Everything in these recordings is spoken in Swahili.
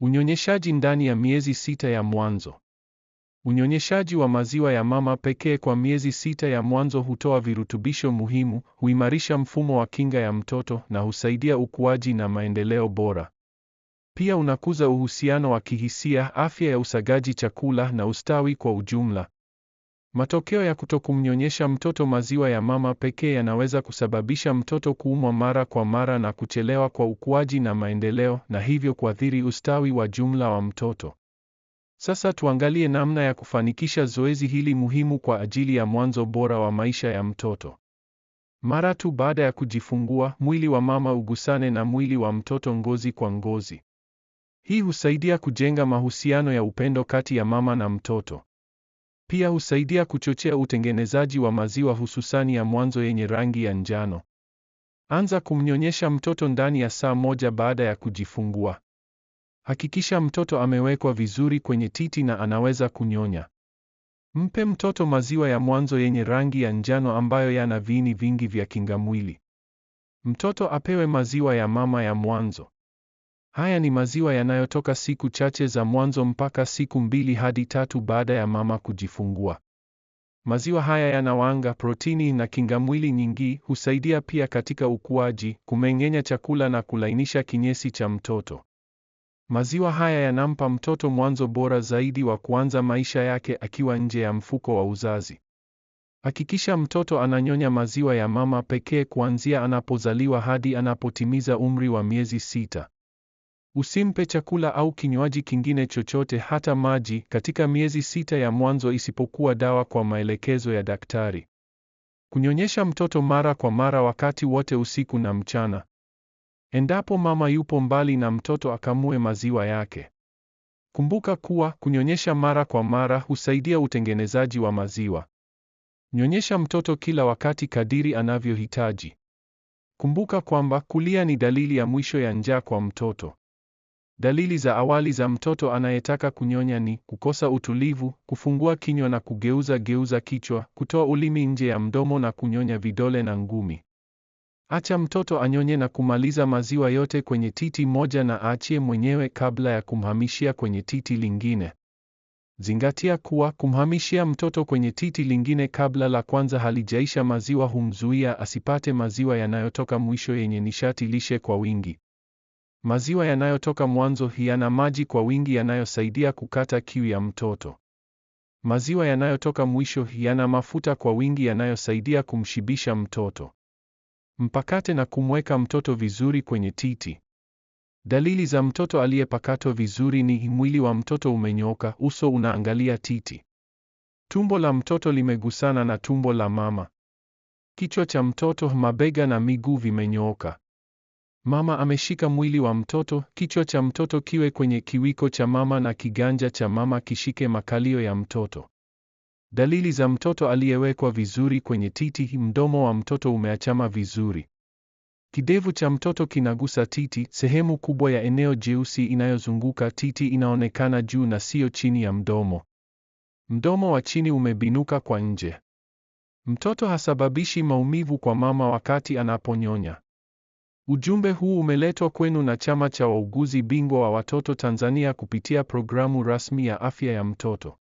Unyonyeshaji ndani ya miezi sita ya mwanzo. Unyonyeshaji wa maziwa ya mama pekee kwa miezi sita ya mwanzo hutoa virutubisho muhimu, huimarisha mfumo wa kinga ya mtoto na husaidia ukuaji na maendeleo bora. Pia unakuza uhusiano wa kihisia, afya ya usagaji chakula na ustawi kwa ujumla. Matokeo ya kutokumnyonyesha mtoto maziwa ya mama pekee yanaweza kusababisha mtoto kuumwa mara kwa mara na kuchelewa kwa ukuaji na maendeleo, na hivyo kuathiri ustawi wa jumla wa mtoto. Sasa tuangalie namna ya kufanikisha zoezi hili muhimu kwa ajili ya mwanzo bora wa maisha ya mtoto. Mara tu baada ya kujifungua, mwili wa mama ugusane na mwili wa mtoto ngozi kwa ngozi. Hii husaidia kujenga mahusiano ya upendo kati ya mama na mtoto. Pia husaidia kuchochea utengenezaji wa maziwa hususani ya mwanzo yenye rangi ya njano. Anza kumnyonyesha mtoto ndani ya saa moja baada ya kujifungua. Hakikisha mtoto amewekwa vizuri kwenye titi na anaweza kunyonya. Mpe mtoto maziwa ya mwanzo yenye rangi ya njano ambayo yana viini vingi vya kingamwili. Mtoto apewe maziwa ya mama ya mwanzo. Haya ni maziwa yanayotoka siku chache za mwanzo mpaka siku mbili hadi tatu baada ya mama kujifungua. Maziwa haya yana wanga, protini na kingamwili nyingi, husaidia pia katika ukuaji, kumeng'enya chakula na kulainisha kinyesi cha mtoto. Maziwa haya yanampa mtoto mwanzo bora zaidi wa kuanza maisha yake akiwa nje ya mfuko wa uzazi. Hakikisha mtoto ananyonya maziwa ya mama pekee kuanzia anapozaliwa hadi anapotimiza umri wa miezi sita. Usimpe chakula au kinywaji kingine chochote hata maji katika miezi sita ya mwanzo isipokuwa dawa kwa maelekezo ya daktari. Kunyonyesha mtoto mara kwa mara wakati wote usiku na mchana. Endapo mama yupo mbali na mtoto akamue maziwa yake. Kumbuka kuwa kunyonyesha mara kwa mara husaidia utengenezaji wa maziwa. Nyonyesha mtoto kila wakati kadiri anavyohitaji. Kumbuka kwamba kulia ni dalili ya mwisho ya njaa kwa mtoto. Dalili za awali za mtoto anayetaka kunyonya ni kukosa utulivu, kufungua kinywa na kugeuza geuza kichwa, kutoa ulimi nje ya mdomo na kunyonya vidole na ngumi. Acha mtoto anyonye na kumaliza maziwa yote kwenye titi moja na aachie mwenyewe kabla ya kumhamishia kwenye titi lingine. Zingatia kuwa kumhamishia mtoto kwenye titi lingine kabla la kwanza halijaisha maziwa humzuia asipate maziwa yanayotoka mwisho yenye nishati lishe kwa wingi. Maziwa yanayotoka mwanzo yana maji kwa wingi yanayosaidia kukata kiu ya mtoto. Maziwa yanayotoka mwisho yana mafuta kwa wingi yanayosaidia kumshibisha mtoto. Mpakate na kumweka mtoto vizuri kwenye titi. Dalili za mtoto aliyepakatwa vizuri ni mwili wa mtoto umenyooka, uso unaangalia titi. Tumbo la mtoto limegusana na tumbo la mama. Kichwa cha mtoto, mabega na miguu vimenyooka. Mama ameshika mwili wa mtoto, kichwa cha mtoto kiwe kwenye kiwiko cha mama na kiganja cha mama kishike makalio ya mtoto. Dalili za mtoto aliyewekwa vizuri kwenye titi, mdomo wa mtoto umeachama vizuri. Kidevu cha mtoto kinagusa titi, sehemu kubwa ya eneo jeusi inayozunguka titi inaonekana juu na siyo chini ya mdomo. Mdomo wa chini umebinuka kwa nje. Mtoto hasababishi maumivu kwa mama wakati anaponyonya. Ujumbe huu umeletwa kwenu na Chama cha Wauguzi Bingwa wa Watoto Tanzania kupitia programu rasmi ya Afya ya Mtoto.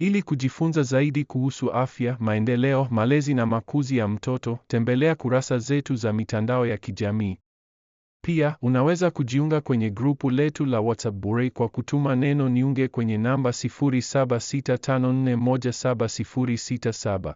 Ili kujifunza zaidi kuhusu afya, maendeleo, malezi na makuzi ya mtoto, tembelea kurasa zetu za mitandao ya kijamii. Pia, unaweza kujiunga kwenye grupu letu la WhatsApp bure kwa kutuma neno niunge kwenye namba 0765417067.